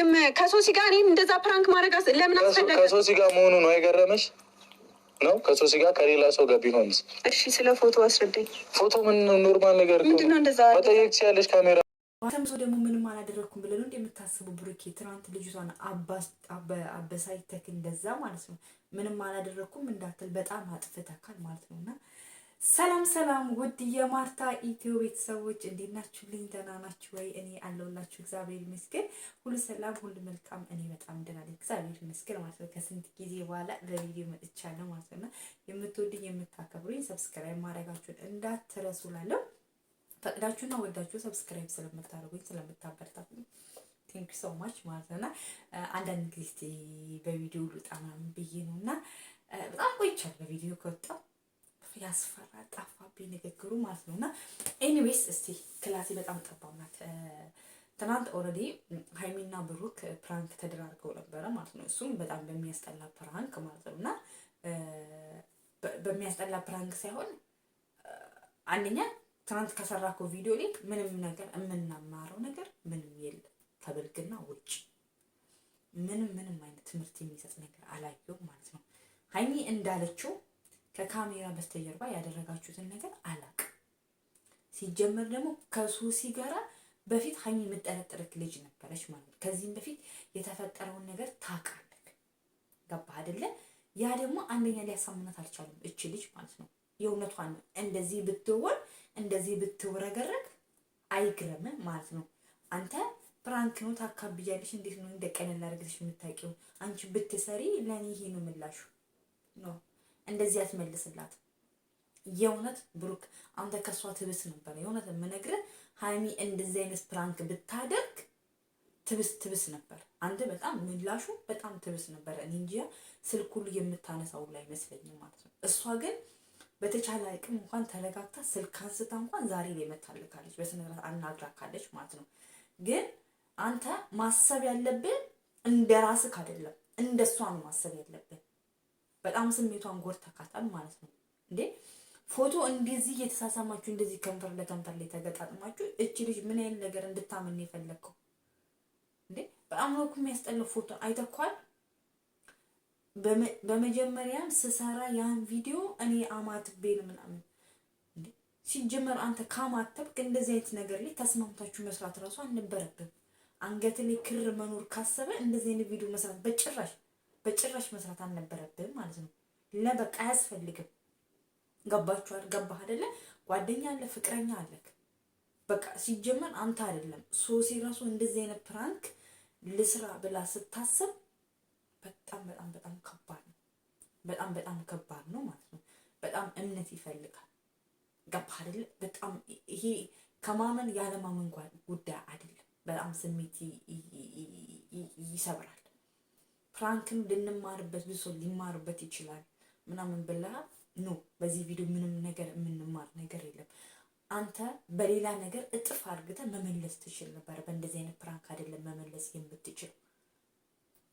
አላደርግም ከሶሲ ጋር እኔም እንደዛ ፕራንክ ማድረግ ለምን አስፈለገ? ከሶሲ ጋር መሆኑ ነው የገረመሽ ነው? ከሶሲ ጋር ከሌላ ሰው ጋር ቢሆንስ? እሺ ስለ ፎቶ አስረዳኝ። ፎቶ ምን ኖርማል ነገር ምንድነው? እንደዛ መጠየቅ ሲያለሽ ካሜራ ተምሶ ደግሞ ምንም አላደረግኩም ብለን እንደ የምታስቡ ብሩኬ ትናንት ልጅቷን አበሳይተክ እንደዛ ማለት ነው። ምንም አላደረግኩም እንዳትል በጣም አጥፍተካል ማለት ነው እና ሰላም ሰላም ውድ የማርታ ኢትዮ ቤተሰቦች እንዴት ናችሁልኝ? ደህና ናችሁ ወይ? እኔ አለሁላችሁ። እግዚአብሔር ይመስገን፣ ሁሉ ሰላም፣ ሁሉ መልካም። እኔ በጣም ደህና ነኝ፣ እግዚአብሔር ይመስገን ማለት ነው። ከስንት ጊዜ በኋላ በቪዲዮ መጥቻለሁ ማለት ነው። የምትወዱኝ የምታከብሩኝ፣ ሰብስክራይብ ማድረጋችሁን እንዳትረሱ እላለሁ። ፈቅዳችሁና ወዳችሁ ሰብስክራይብ ስለምታደርጉኝ ስለምታበረታቱኝ ቴንክ ሶ ማች ማለት ነውና አንዳንድ ጊዜ በቪዲዮ ልውጣ ምናምን ብዬ ነው እና በጣም ቆይቻለሁ በቪዲዮ ከወጣሁ ያስፈራ ጠፋብኝ ንግግሩ ማለት ነው። እና ኤኒዌይስ እስቲ ክላሴ በጣም ጠባብ ናት። ትናንት ኦልሬዲ ሀይሚና ብሩክ ፕራንክ ተደራርገው ነበረ ማለት ነው። እሱም በጣም በሚያስጠላ ፕራንክ ማለት ነው። እና በሚያስጠላ ፕራንክ ሳይሆን አንደኛ ትናንት ከሰራከው ቪዲዮ ላይ ምንም ነገር የምናማረው ነገር ምንም የለም ከብልግና ውጭ ምንም ምንም አይነት ትምህርት የሚሰጥ ነገር አላየው ማለት ነው። ሀይሚ እንዳለችው ከካሜራ በስተጀርባ ያደረጋችሁትን ነገር አላቅ። ሲጀመር ደግሞ ከሱሲ ጋራ በፊት ሀኝ የምጠረጥርክ ልጅ ነበረች ማለት ነው። ከዚህም በፊት የተፈጠረውን ነገር ታውቃለህ። ገባህ አደለ? ያ ደግሞ አንደኛ ሊያሳምናት አልቻለም እች ልጅ ማለት ነው። የእውነቷን ነው። እንደዚህ ብትወል እንደዚህ ብትውረገረግ አይግረምም ማለት ነው። አንተ ፕራንክ ነው ታካብያለሽ፣ እንዴት ነው እንደቀን ላደርግልሽ የምታውቂው አንቺ ብትሰሪ ለእኔ ይሄ ነው ምላሹ ነው እንደዚህ ያስመልስላት። የእውነት ብሩክ አንተ ከእሷ ትብስ ነበር። የእውነት የምነግርህ ሀይሚ እንደዚህ አይነት ፕራንክ ብታደርግ ትብስ ትብስ ነበር። አንተ በጣም ምላሹ በጣም ትብስ ነበር። እኔ እንጂ ስልክ ሁሉ የምታነሳው ላይ አይመስለኝም ማለት ነው። እሷ ግን በተቻለ አቅም እንኳን ተረጋግታ ስልክ አንስታ እንኳን ዛሬ ላይ መታልካለች፣ በስነስርዓት አናግራካለች ማለት ነው። ግን አንተ ማሰብ ያለብህ እንደ ራስህ አይደለም፣ እንደ እሷ ነው ማሰብ ያለብህ በጣም ስሜቷን ጎድተካታል ማለት ነው እንዴ ፎቶ እንደዚህ እየተሳሳማችሁ እንደዚህ ከንፈር ለከንፈር ላይ ተገጣጥማችሁ እቺ ልጅ ምን ያህል ነገር እንድታምን የፈለግከው እንዴ? በጣም ነው እኮ የሚያስጠላው። ፎቶ አይተኳል። በመጀመሪያም ስሰራ ያን ቪዲዮ እኔ አማት ቤል ምናምን። ሲጀመር አንተ ካማተብክ እንደዚህ አይነት ነገር ላይ ተስማምታችሁ መስራት እራሱ አልነበረብም። አንገት ላይ ክር መኖር ካሰበ እንደዚህ አይነት ቪዲዮ መስራት በጭራሽ በጭራሽ መስራት አልነበረብህም ማለት ነው። ለበቃ አያስፈልግም። ገባችኋል? ገባህ አይደለ? ጓደኛ አለ፣ ፍቅረኛ አለክ። በቃ ሲጀመር አንተ አይደለም ሶሲ ራሱ እንደዚህ አይነት ፕራንክ ልስራ ብላ ስታስብ በጣም በጣም በጣም ከባድ ነው። በጣም በጣም ከባድ ነው ማለት ነው። በጣም እምነት ይፈልጋል። ገባህ አይደለ? በጣም ይሄ ከማመን ያለማመን ጉዳይ አይደለም። በጣም ስሜት ይሰብራል። ፕራንክም ልንማርበት ብዙ ሰው ሊማርበት ይችላል ምናምን ብላ ኖ በዚህ ቪዲዮ ምንም ነገር የምንማር ነገር የለም። አንተ በሌላ ነገር እጥፍ አድርገህ መመለስ ትችል ነበረ። በእንደዚህ አይነት ፕራንክ አይደለም መመለስ የምትችል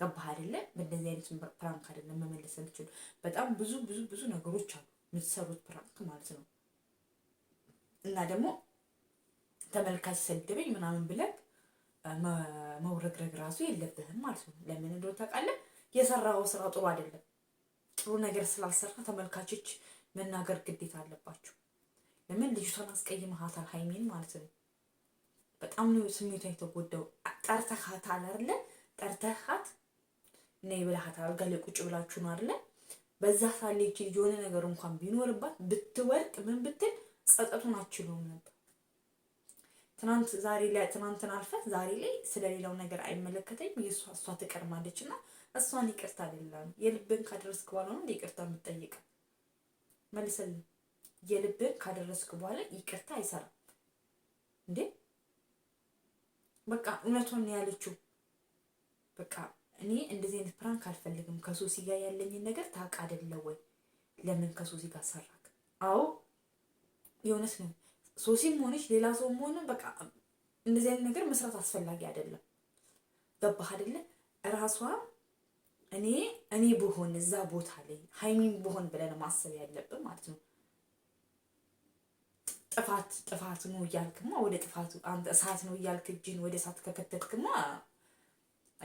ገባህ አይደለም? በእንደዚህ አይነት ፕራንክ አይደለም መመለስ የምትችል። በጣም ብዙ ብዙ ብዙ ነገሮች አሉ የምትሰሩት ፕራንክ ማለት ነው። እና ደግሞ ተመልካች ሰደበኝ ምናምን ብለን መውረግረግ ራሱ የለብህም ማለት ነው። ለምን እንደሆነ ታውቃለህ? የሰራኸው ስራ ጥሩ አይደለም። ጥሩ ነገር ስላልሰራ ተመልካቾች መናገር ግዴታ አለባቸው። ለምን ልጅቷን አስቀይመሃታል፣ ሀይሜን ማለት ነው። በጣም ነው ስሜቷ የተጎዳው። ጠርተሃታል አለ ጠርተሃት ነ ብለሃት አልጋ ላይ ቁጭ ብላችሁ ነው አለ። በዛ ሳሌች የሆነ ነገር እንኳን ቢኖርባት ብትወርቅ ምን ብትል ጸጠቱን አችሉም ነበር ትናንት ዛሬ ላይ ትናንትን አልፈህ ዛሬ ላይ ስለሌላው ነገር አይመለከተኝም የእሷ እሷ ትቀርማለች እና እሷን ይቅርታ ሌላም የልብን ካደረስክ በኋላ ነው ይቅርታ የምጠይቅ መልሰል የልብን ካደረስክ በኋላ ይቅርታ አይሰራም እንዴ። በቃ እውነቱን ያለችው። በቃ እኔ እንደዚህ አይነት ፕራንክ አልፈልግም። ከሶሲ ጋር ያለኝን ነገር ታውቅ አይደለ ወይ? ለምን ከሶሲ ጋር ሰራክ? አዎ የእውነት ነው ሶሲም ሆነች ሌላ ሰውም ሆነ በቃ እንደዚህ አይነት ነገር መስራት አስፈላጊ አይደለም። ገባህ አይደለ? ራሷ እኔ እኔ ብሆን እዛ ቦታ ላይ ሀይሚን ብሆን ብለን ማሰብ ያለብን ማለት ነው። ጥፋት ጥፋት ነው እያልክማ ወደ ጥፋቱ አንተ እሳት ነው እያልክ እጅን ወደ እሳት ከከተትክማ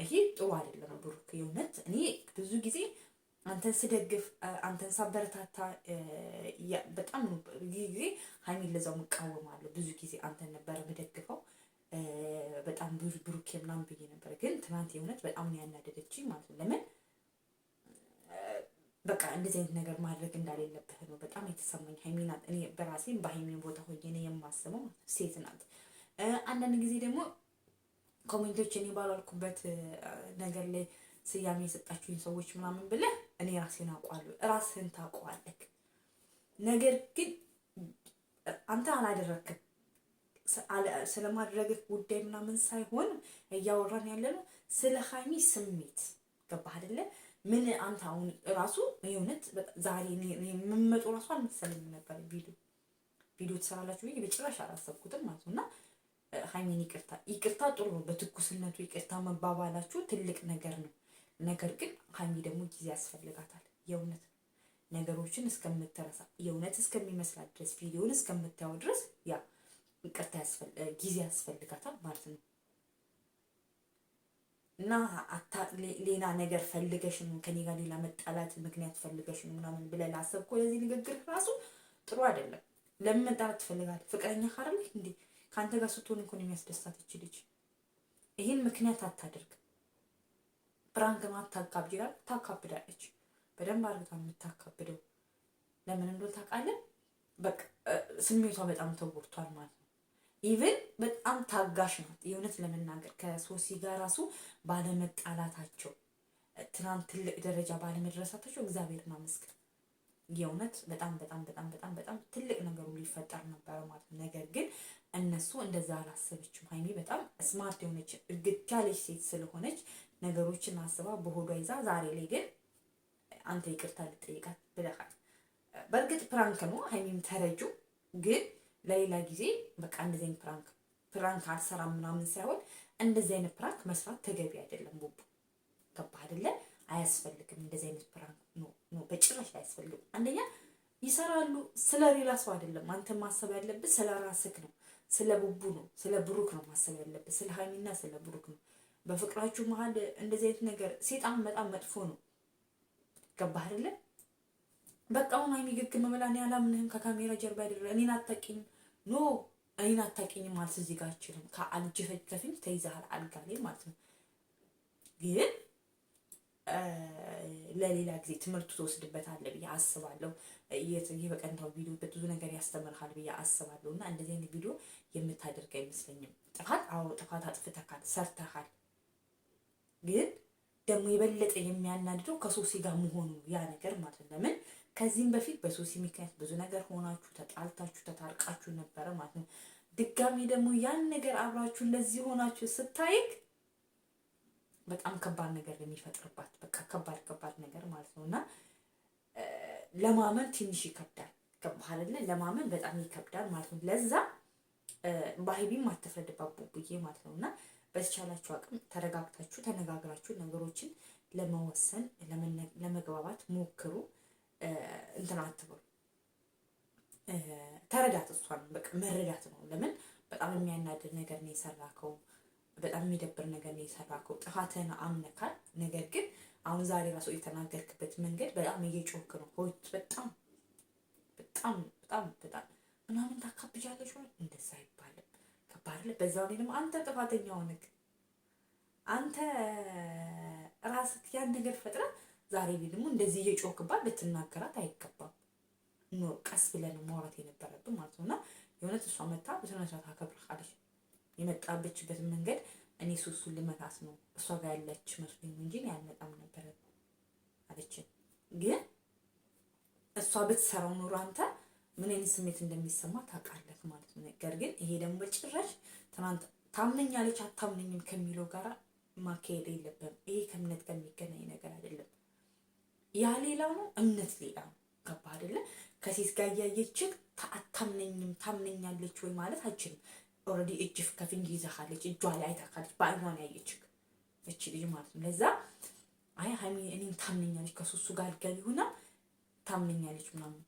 ይሄ ጥሩ አይደለም ብሩክ። የእውነት እኔ ብዙ ጊዜ አንተን ስደግፍ አንተን ሳበረታታ በጣም ጊዜ ሀይሚ ለዛው እቃወማለሁ። ብዙ ጊዜ አንተን ነበረ የምደግፈው በጣም ብዙ ብሩኬ ምናምን ብዬ ነበር። ግን ትናንት የእውነት በጣም ያናደደችኝ ማለት ነው። ለምን በቃ እንደዚህ አይነት ነገር ማድረግ እንዳሌለብህ ነው በጣም የተሰማኝ። ሀይሚ ናት እኔ በራሴን በሀይሚ ቦታ ሆኜ ነው የማስበው። ሴት ናት። አንዳንድ ጊዜ ደግሞ ኮሜንቶች እኔ ባላልኩበት ነገር ላይ ስያሜ የሰጣችሁኝ ሰዎች ምናምን ብለህ እኔ ራሴን አውቀዋለሁ። ራስህን ታውቀዋለህ። ነገር ግን አንተ አላደረክም። ስለማድረግህ ጉዳይ ምናምን ሳይሆን እያወራን ያለ ነው ስለ ሀይሚ ስሜት ገባህ አይደለ? ምን አንተ አሁን ራሱ የእውነት ዛሬ የምመጡ ራሱ አልመሰለኝ ነበር። ቪዲዮ ቪዲዮ ትሰራላችሁ ብዬ በጭራሽ አላሰብኩትም ማለት ነው። እና ሀይሚን ይቅርታ ይቅርታ ጥሩ ነው። በትኩስነቱ ይቅርታ መባባላችሁ ትልቅ ነገር ነው። ነገር ግን ሀሚ ደግሞ ጊዜ ያስፈልጋታል። የእውነት ነገሮችን እስከምትረሳ የእውነት እስከሚመስላት ድረስ ቪዲዮን እስከምታየው ድረስ ያ ይቅርታ ጊዜ ያስፈልጋታል ማለት ነው። እና ሌላ ነገር ፈልገሽ ነው ከኔ ጋር ሌላ መጣላት ምክንያት ፈልገሽ ነው ምናምን ብለህ ላሰብከው ለዚህ ንግግር ራሱ ጥሩ አይደለም። ለምን መጣላት ትፈልጋለህ? ፍቅረኛ ካረልህ እንዴ? ከአንተ ጋር ስትሆን እንኳን የሚያስደስታት ይችልች። ይህን ምክንያት አታደርግ። ብራንግማ ታካብድ ይላል። ታካብዳለች። በደንብ አድርጋ የምታካብደው ለምን እንደሆነ ታውቃለህ? በቃ ስሜቷ በጣም ተጎድቷል ማለት ነው። ኢቭን በጣም ታጋሽ ናት። የእውነት ለመናገር ከሶሲ ጋር ራሱ ባለመጣላታቸው ትናንት ትልቅ ደረጃ ባለመድረሳታቸው እግዚአብሔር ማመስገን የእውነት በጣም በጣም በጣም በጣም በጣም ትልቅ ነገሩ ሊፈጠር ነበረ ማለት ነው። ነገር ግን እነሱ እንደዛ አላሰበችም። ሀይሚ በጣም ስማርት የሆነች እግት ያለች ሴት ስለሆነች ነገሮችን አስባ በሆዷ ይዛ ዛሬ ላይ ግን አንተ ይቅርታ ልጠይቃት ብለሃል። በእርግጥ ፕራንክ ነው ሀይሚም ተረጁ። ግን ለሌላ ጊዜ በቃ እንደዚህ አይነት ፕራንክ ፕራንክ አልሰራም ምናምን ሳይሆን እንደዚህ አይነት ፕራንክ መስራት ተገቢ አይደለም። ቦቦ ገባህ አይደለ? አያስፈልግም። እንደዚህ አይነት ፕራንክ ነው በጭራሽ አያስፈልግም። አንደኛ ይሰራሉ። ስለ ሌላ ሰው አይደለም አንተ ማሰብ ያለብህ ስለ ራስህ ነው። ስለ ቡቡ ነው፣ ስለ ብሩክ ነው ማሰብ ያለብህ። ስለ ሀይሚና ስለ ብሩክ ነው በፍቅራችሁ መሀል እንደዚህ አይነት ነገር ሴጣን በጣም መጥፎ ነው። ገባህ አይደለ? በቃ አሁን ሀይሚ ግግም ብላ እኔ አላምንህም ከካሜራ ጀርባ ያደረ እኔን አታውቂኝም፣ ኖ እኔን አታውቂኝም ማለት እዚህ ጋር አችልም። ከአልጅ ከፍንጅ ተይዘሃል አልጋ ላይ ማለት ነው። ግን ለሌላ ጊዜ ትምህርቱ ትወስድበታለህ ብዬ አስባለሁ። በቀንታው ቪዲዮ ብዙ ነገር ያስተምርሃል ብዬ አስባለሁ። እና እንደዚህ አይነት ቪዲዮ የምታደርግ አይመስለኝም። ጥፋት አዎ ጥፋት አጥፍተካል፣ ሰርተካል ግን ደግሞ የበለጠ የሚያናድደው ከሶሲ ጋር መሆኑ ያ ነገር ማለት ነው። ለምን ከዚህም በፊት በሶሲ ምክንያት ብዙ ነገር ሆናችሁ ተጣልታችሁ ተታርቃችሁ ነበረ ማለት ነው። ድጋሚ ደግሞ ያን ነገር አብራችሁ ለዚህ ሆናችሁ ስታይክ በጣም ከባድ ነገር የሚፈጥርባት በቃ ከባድ ከባድ ነገር ማለት ነው እና ለማመን ትንሽ ይከብዳል። ከባህል ለማመን በጣም ይከብዳል ማለት ነው። ለዛ ባህቢም አትፍረድባት ብዬ ማለት ነው እና በተቻላችሁ አቅም ተረጋግታችሁ ተነጋግራችሁ ነገሮችን ለመወሰን ለመግባባት ሞክሩ። እንትን አትበሉ። ተረዳት፣ እሷን በቃ መረዳት ነው። ለምን በጣም የሚያናድር ነገር ነው የሰራከው፣ በጣም የሚደብር ነገር ነው የሰራከው። ጥፋትህን አምነካል። ነገር ግን አሁን ዛሬ ራሱ የተናገርክበት መንገድ በጣም እየጮክ ነው። ሆይት በጣም በጣም በጣም በጣም ምናምን ታካብጃለች። እንደዛ አይባልም። ገባህ? በዛው ላይ ደግሞ አንተ ጥፋተኛ ሆንክ። አንተ ራስህ ያን ነገር ፈጥረ ዛሬ ላይ ደግሞ እንደዚህ እየጮህክባት ልትናገራት አይገባም። ቀስ ነው ማውራት የነበረብን ማለት ነው። እና የእውነት እሷ መታ በስነስርዓት አከብርሃለች። የመጣበችበት መንገድ እኔ ሱሱን ልመታት ነው እሷ ጋር ያለች መስሎኝ እንጂ ያልመጣም ነበረ አለችን። ግን እሷ ብትሰራው ኑሮ አንተ ምን አይነት ስሜት እንደሚሰማ ታውቃለህ ማለት ነው። ነገር ግን ይሄ ደግሞ በጭራሽ ትናንት ታምነኛለች አታምነኝም ከሚለው ጋር ማካሄድ የለብህም። ይሄ ከእምነት ጋር የሚገናኝ ነገር አይደለም። ያ ሌላ ነው፣ እምነት ሌላ ነው። ገባህ አይደለ? ከሴት ጋር እያየችህ አታምነኝም ታምነኛለች ወይ ማለት አችልም። ኦልሬዲ እጅ ከፍንጅ ይዛሃለች፣ እጇ ላይ አይታካለች፣ በአይኗን ያየችህ እች ልጅ ማለት ነው። ለዛ አይ ሀይሚ እኔን ታምነኛለች ከሱሱ ጋር ጋር ይሆናል ታምነኛለች ምናምን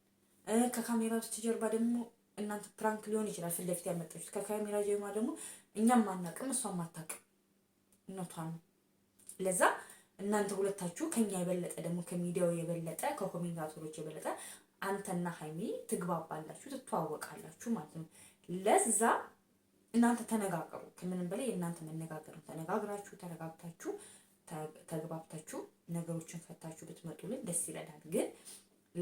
ከካሜራ በስተጀርባ ደግሞ እናንተ ፕራንክ ሊሆን ይችላል ፊት ለፊት ያመጣችሁት። ከካሜራ ጀርባ ደግሞ እኛም አናቅም እሷም አታቅም እነቷ ነው። ለዛ እናንተ ሁለታችሁ ከኛ የበለጠ ደግሞ ከሚዲያው የበለጠ ከኮሜንታተሮች የበለጠ አንተና ሀይሚ ትግባባላችሁ፣ ትተዋወቃላችሁ ማለት ነው። ለዛ እናንተ ተነጋገሩ። ከምንም በላይ የእናንተ መነጋገር ነው። ተነጋግራችሁ ተረጋግታችሁ ተግባብታችሁ ነገሮችን ፈታችሁ ብትመጡልን ደስ ይለናል ግን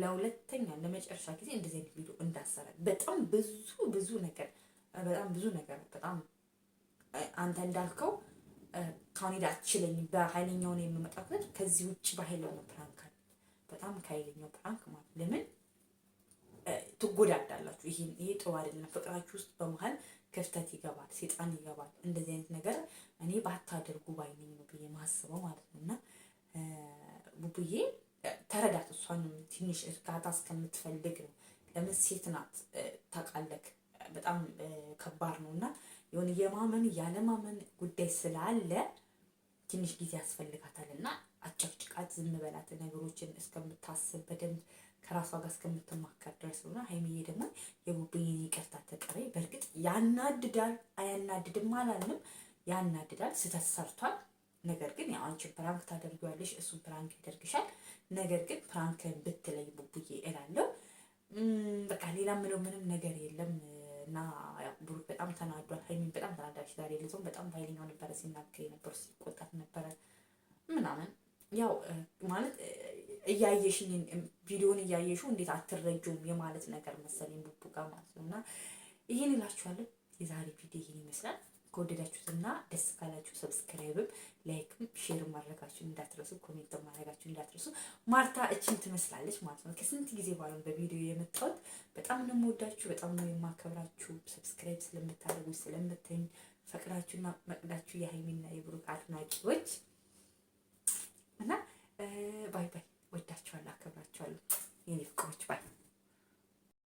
ለሁለተኛ ለመጨረሻ ጊዜ እንደዚህ አይነት ቪዲዮ እንዳሰራ በጣም ብዙ ብዙ ነገር በጣም ብዙ ነገር በጣም አንተ እንዳልከው ካኔዳ ሄዳ በኃይለኛው ነው የምመጣበት። ከዚህ ውጭ በኃይለኛው ፕራንክ አለ በጣም ከኃይለኛው ፕራንክ ማለት ለምን ትጎዳዳላችሁ? ይሄ ይሄ ጥሩ አይደለም። ፍቅራችሁ ውስጥ በመሀል ክፍተት ይገባል፣ ሴጣን ይገባል። እንደዚህ አይነት ነገር እኔ ባታደርጉ ባይነኝ ነው ብዬ ማስበው ማለት ነው እና ቡቡዬ ተረዳት። እሷንም ትንሽ እርጋታ እስከምትፈልግ ነው። ለምን ሴት ናት ታውቃለህ። በጣም ከባድ ነው እና የሆነ የማመን ያለማመን ጉዳይ ስላለ ትንሽ ጊዜ ያስፈልጋታል እና አጨቅጭቃት፣ ዝም በላት ነገሮችን እስከምታስብ በደንብ ከራሷ ጋር እስከምትማከር ድረስ ሆና ሀይሚዬ ደግሞ የቡብኝን ይቅርታ ተቀበ። በእርግጥ ያናድዳል፣ አያናድድም አላልንም። ያናድዳል፣ ስህተት ሰርቷል። ነገር ግን ያው አንቺ ፕራንክ ታደርጊዋለሽ፣ እሱ ፕራንክ ያደርግሻል። ነገር ግን ፕራንክ ብትለይ ቡቡዬ እላለሁ። በቃ ሌላ ምለው ምንም ነገር የለም እና ብሩክ በጣም ተናዷል። ሀይሚን በጣም ተናዳች ዛሬ ልዞም በጣም በኃይለኛው ነበረ ሲናገር የነበሩ ሲቆጣት ነበረ ምናምን ያው ማለት እያየሽኝ ቪዲዮን እያየሹ እንዴት አትረጁም የማለት ነገር መሰለኝ ቡቡ ጋር ማለት ነው። እና ይህን ይላችኋለሁ። የዛሬ ቪዲዮ ይህን ይመስላል። ከወደዳችሁትና ደስ ካላችሁ ሰብስክራይብም ላይክም ሼር ማድረጋችሁን እንዳትረሱ፣ ኮሜንት ማድረጋችሁን እንዳትረሱ። ማርታ እችን ትመስላለች ማለት ነው። ከስንት ጊዜ በኋላ በቪዲዮ የመጣሁት በጣም ነው የምወዳችሁ፣ በጣም ነው የማከብራችሁ። ሰብስክራይብ ስለምታደርጉ ስለምትኝ ፈቅዳችሁና መቅዳችሁ የሀይሚና የብሩክ አድናቂዎች እና ባይ ባይ። ወዳችኋለሁ፣ አከብራችኋለሁ የኔ ፍቅሮች ባይ